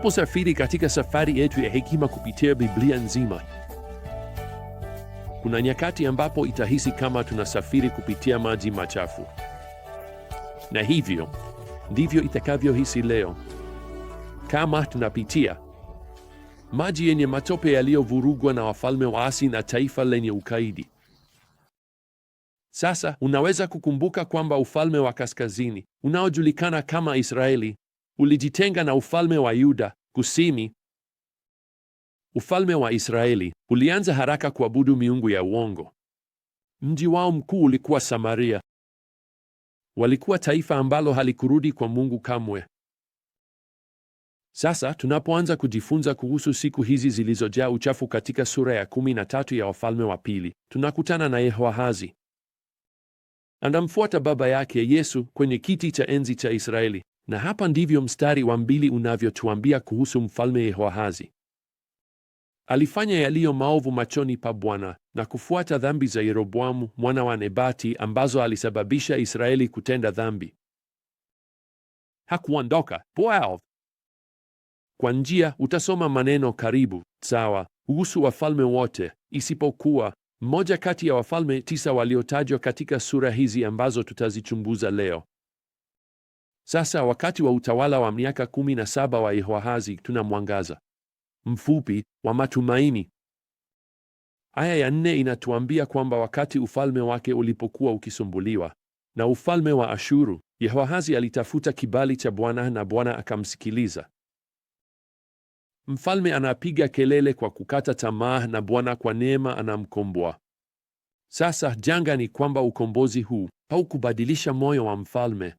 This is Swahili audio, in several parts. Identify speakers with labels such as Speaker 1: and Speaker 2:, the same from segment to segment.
Speaker 1: Tunaposafiri katika safari yetu ya hekima kupitia Biblia nzima, kuna nyakati ambapo itahisi kama tunasafiri kupitia maji machafu, na hivyo ndivyo itakavyohisi leo, kama tunapitia maji yenye matope yaliyovurugwa na wafalme waasi na taifa lenye ukaidi. Sasa unaweza kukumbuka kwamba ufalme wa kaskazini unaojulikana kama Israeli ulijitenga na ufalme wa Yuda Kusini. Ufalme wa Israeli ulianza haraka kuabudu miungu ya uongo. Mji wao mkuu ulikuwa Samaria. Walikuwa taifa ambalo halikurudi kwa Mungu kamwe. Sasa tunapoanza kujifunza kuhusu siku hizi zilizojaa uchafu katika sura ya kumi na tatu ya Wafalme wa Pili, tunakutana na Yehoahazi. Anamfuata baba yake Yesu kwenye kiti cha enzi cha Israeli. Na hapa ndivyo mstari wa mbili unavyotuambia kuhusu mfalme Yehoahazi: alifanya yaliyo maovu machoni pa Bwana na kufuata dhambi za Yeroboamu mwana wa Nebati ambazo alisababisha Israeli kutenda dhambi. Hakuondoka Boaz. Kwa njia utasoma maneno karibu sawa kuhusu wafalme wote isipokuwa mmoja kati ya wafalme tisa waliotajwa katika sura hizi ambazo tutazichunguza leo. Sasa wakati wa utawala wa miaka kumi na saba wa Yehoahazi tuna mwangaza mfupi wa matumaini. Aya ya nne inatuambia kwamba wakati ufalme wake ulipokuwa ukisumbuliwa na ufalme wa Ashuru, Yehoahazi alitafuta kibali cha Bwana na Bwana akamsikiliza. Mfalme anapiga kelele kwa kukata tamaa na Bwana kwa neema anamkomboa. Sasa janga ni kwamba ukombozi huu haukubadilisha moyo wa mfalme.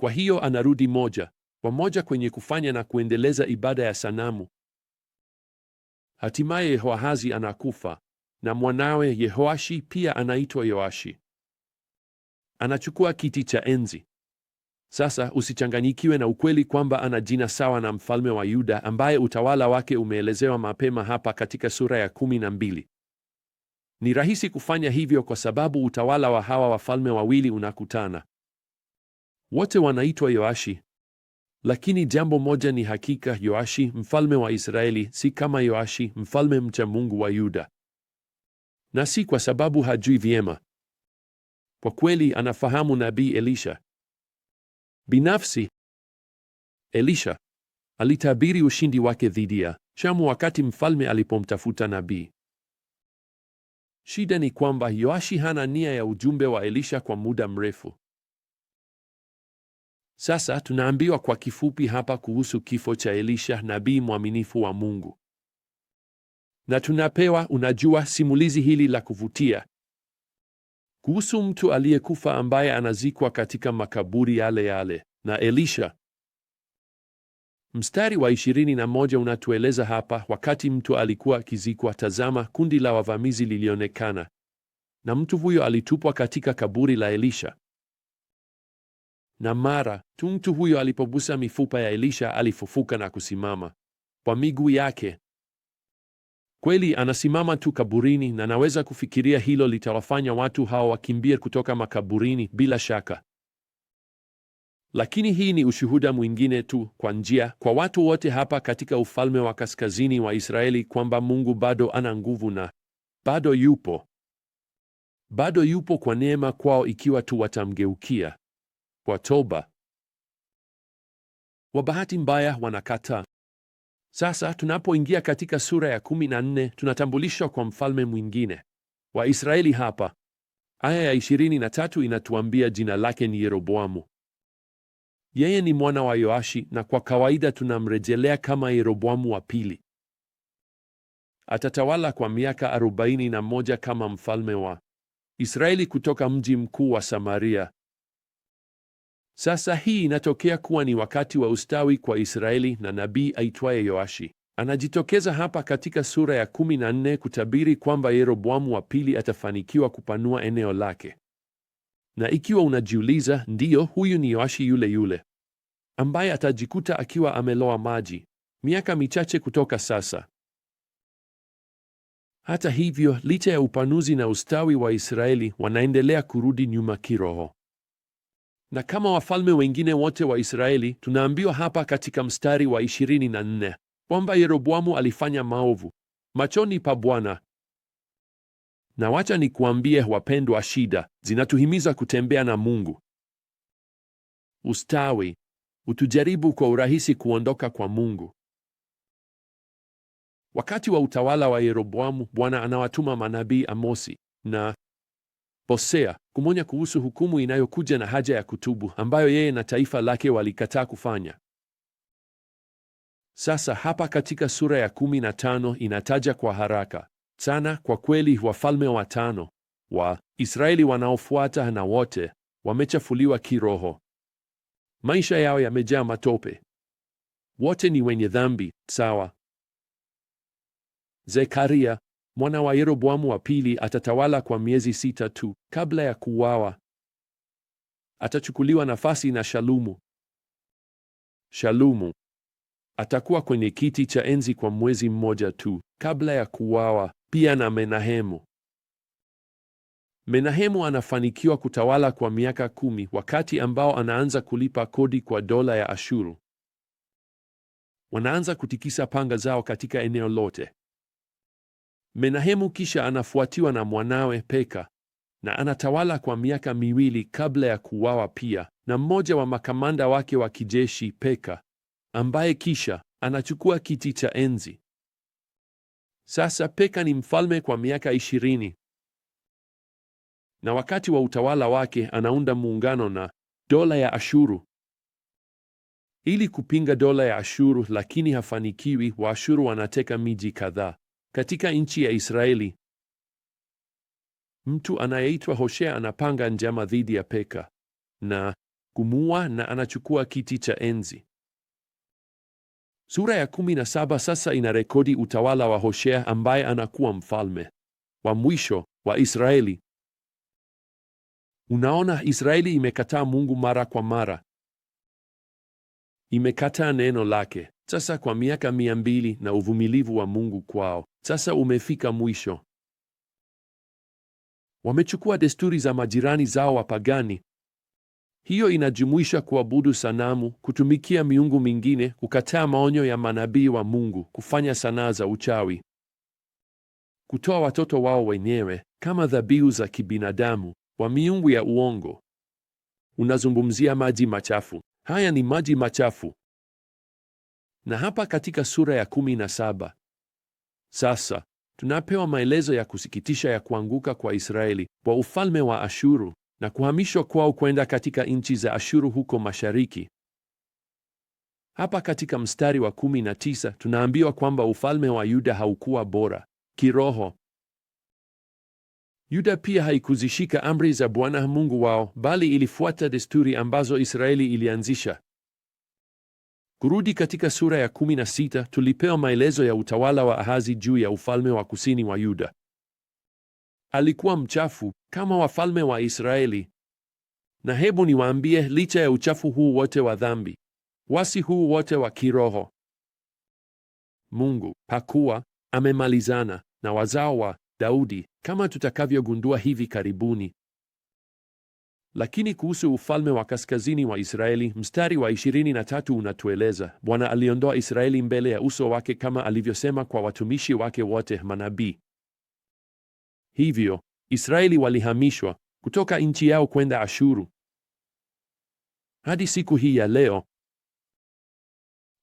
Speaker 1: Kwa hiyo anarudi moja kwa moja kwenye kufanya na kuendeleza ibada ya sanamu. Hatimaye Yehoahazi anakufa na mwanawe Yehoashi pia anaitwa Yoashi anachukua kiti cha enzi. Sasa usichanganyikiwe na ukweli kwamba ana jina sawa na mfalme wa Yuda ambaye utawala wake umeelezewa mapema hapa katika sura ya kumi na mbili. Ni rahisi kufanya hivyo kwa sababu utawala wa hawa wafalme wawili unakutana. Wote wanaitwa Yoashi. Lakini jambo moja ni hakika, Yoashi mfalme wa Israeli si kama Yoashi mfalme mcha Mungu wa Yuda, na si kwa sababu hajui vyema. Kwa kweli anafahamu nabii Elisha binafsi. Elisha alitabiri ushindi wake dhidi ya Shamu wakati mfalme alipomtafuta nabii. Shida ni kwamba Yoashi hana nia ya ujumbe wa Elisha kwa muda mrefu. Sasa tunaambiwa kwa kifupi hapa kuhusu kifo cha Elisha nabii mwaminifu wa Mungu, na tunapewa, unajua, simulizi hili la kuvutia kuhusu mtu aliyekufa ambaye anazikwa katika makaburi yale yale na Elisha. Mstari wa 21 unatueleza hapa, wakati mtu alikuwa akizikwa, tazama, kundi la wavamizi lilionekana, na mtu huyo alitupwa katika kaburi la Elisha na mara tu mtu huyo alipogusa mifupa ya Elisha alifufuka na kusimama kwa miguu yake. Kweli anasimama tu kaburini, na naweza kufikiria hilo litawafanya watu hao wakimbie kutoka makaburini bila shaka. Lakini hii ni ushuhuda mwingine tu kwa njia kwa watu wote hapa katika ufalme wa kaskazini wa Israeli kwamba Mungu bado ana nguvu na bado yupo, bado yupo kwa neema kwao, ikiwa tu watamgeukia kwa toba. Kwa bahati mbaya wanakataa. Sasa tunapoingia katika sura ya 14 tunatambulishwa kwa mfalme mwingine wa Israeli. Hapa aya ya 23 inatuambia jina lake ni Yeroboamu. Yeye ni mwana wa Yoashi, na kwa kawaida tunamrejelea kama Yeroboamu wa pili. Atatawala kwa miaka 41 kama mfalme wa Israeli kutoka mji mkuu wa Samaria. Sasa hii inatokea kuwa ni wakati wa ustawi kwa Israeli, na nabii aitwaye Yoashi anajitokeza hapa katika sura ya 14 kutabiri kwamba Yeroboamu wa pili atafanikiwa kupanua eneo lake. Na ikiwa unajiuliza, ndiyo, huyu ni Yoashi yule yule ambaye atajikuta akiwa ameloa maji miaka michache kutoka sasa. Hata hivyo, licha ya upanuzi na ustawi wa Israeli, wanaendelea kurudi nyuma kiroho na kama wafalme wengine wote wa Israeli, tunaambiwa hapa katika mstari wa 24 kwamba Yeroboamu alifanya maovu machoni pa Bwana. Na wacha nikuambie wapendwa, shida zinatuhimiza kutembea na Mungu. Ustawi utujaribu kwa urahisi kuondoka kwa Mungu. Wakati wa utawala wa Yeroboamu, Bwana anawatuma manabii Amosi na Hosea, kumonya kuhusu hukumu inayokuja na haja ya kutubu ambayo yeye na taifa lake walikataa kufanya. Sasa hapa katika sura ya kumi na tano inataja kwa haraka sana kwa kweli wafalme watano wa Israeli wanaofuata, na wote wamechafuliwa kiroho, maisha yao yamejaa matope, wote ni wenye dhambi. Sawa, Zekaria mwana wa Yeroboamu wa pili atatawala kwa miezi sita tu kabla ya kuuawa. Atachukuliwa nafasi na Shalumu. Shalumu atakuwa kwenye kiti cha enzi kwa mwezi mmoja tu kabla ya kuuawa pia na Menahemu. Menahemu anafanikiwa kutawala kwa miaka kumi wakati ambao anaanza kulipa kodi kwa dola ya Ashuru. Wanaanza kutikisa panga zao katika eneo lote. Menahemu kisha anafuatiwa na mwanawe Peka na anatawala kwa miaka miwili kabla ya kuuawa pia na mmoja wa makamanda wake wa kijeshi Peka, ambaye kisha anachukua kiti cha enzi. Sasa Peka ni mfalme kwa miaka ishirini na wakati wa utawala wake anaunda muungano na dola ya Ashuru ili kupinga dola ya Ashuru, lakini hafanikiwi. Waashuru wanateka miji kadhaa katika nchi ya Israeli. Mtu anayeitwa Hoshea anapanga njama dhidi ya Peka na kumua na anachukua kiti cha enzi. Sura ya 17 sasa inarekodi utawala wa Hoshea ambaye anakuwa mfalme wa mwisho wa Israeli. Unaona, Israeli imekataa Mungu mara kwa mara imekataa neno lake sasa kwa miaka mia mbili, na uvumilivu wa Mungu kwao sasa umefika mwisho. Wamechukua desturi za majirani zao wapagani. Hiyo inajumuisha kuabudu sanamu, kutumikia miungu mingine, kukataa maonyo ya manabii wa Mungu, kufanya sanaa za uchawi, kutoa watoto wao wenyewe kama dhabihu za kibinadamu wa miungu ya uongo. Unazungumzia maji machafu Haya ni maji machafu. Na hapa katika sura ya kumi na saba sasa tunapewa maelezo ya kusikitisha ya kuanguka kwa Israeli kwa ufalme wa Ashuru na kuhamishwa kwao kwenda katika nchi za Ashuru huko mashariki. Hapa katika mstari wa 19 tunaambiwa kwamba ufalme wa Yuda haukuwa bora kiroho Yuda pia haikuzishika amri za Bwana Mungu wao, bali ilifuata desturi ambazo Israeli ilianzisha. Kurudi katika sura ya 16, tulipewa maelezo ya utawala wa Ahazi juu ya ufalme wa kusini wa Yuda. Alikuwa mchafu kama wafalme wa Israeli. Na hebu niwaambie, licha ya uchafu huu wote wa dhambi, wasi huu wote wa kiroho, Mungu hakuwa amemalizana na wazao wa Daudi kama tutakavyogundua hivi karibuni. Lakini kuhusu ufalme wa kaskazini wa Israeli, mstari wa 23 unatueleza, Bwana aliondoa Israeli mbele ya uso wake kama alivyosema kwa watumishi wake wote manabii. Hivyo Israeli walihamishwa kutoka nchi yao kwenda Ashuru hadi siku hii ya leo.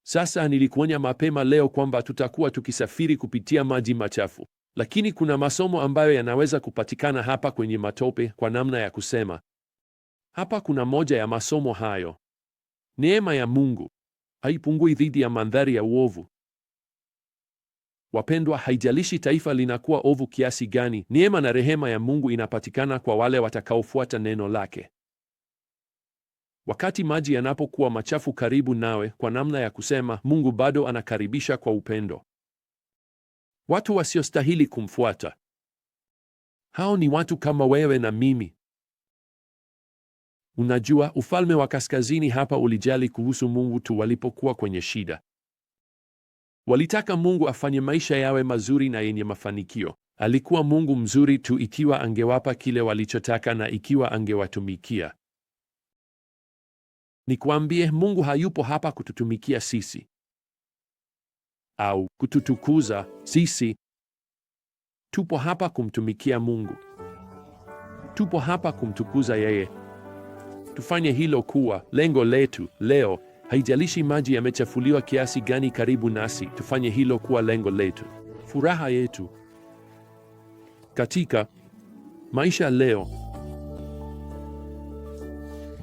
Speaker 1: Sasa nilikuonya mapema leo kwamba tutakuwa tukisafiri kupitia maji machafu. Lakini kuna masomo ambayo yanaweza kupatikana hapa kwenye matope, kwa namna ya kusema. Hapa kuna moja ya masomo hayo: neema ya Mungu haipungui dhidi ya mandhari ya uovu. Wapendwa, haijalishi taifa linakuwa ovu kiasi gani, neema na rehema ya Mungu inapatikana kwa wale watakaofuata neno lake. Wakati maji yanapokuwa machafu karibu nawe, kwa namna ya kusema, Mungu bado anakaribisha kwa upendo watu wasiostahili kumfuata. Hao ni watu kama wewe na mimi. Unajua, ufalme wa kaskazini hapa ulijali kuhusu Mungu tu walipokuwa kwenye shida. Walitaka Mungu afanye maisha yawe mazuri na yenye mafanikio. Alikuwa Mungu mzuri tu ikiwa angewapa kile walichotaka na ikiwa angewatumikia. Nikwambie, Mungu hayupo hapa kututumikia sisi au kututukuza sisi. Tupo hapa kumtumikia Mungu, tupo hapa kumtukuza yeye. Tufanye hilo kuwa lengo letu leo. Haijalishi maji yamechafuliwa kiasi gani karibu nasi, tufanye hilo kuwa lengo letu, furaha yetu katika maisha leo.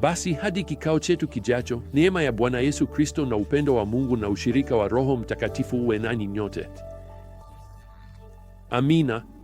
Speaker 1: Basi hadi kikao chetu kijacho, neema ya Bwana Yesu Kristo na upendo wa Mungu na ushirika wa Roho Mtakatifu uwe nanyi nyote. Amina.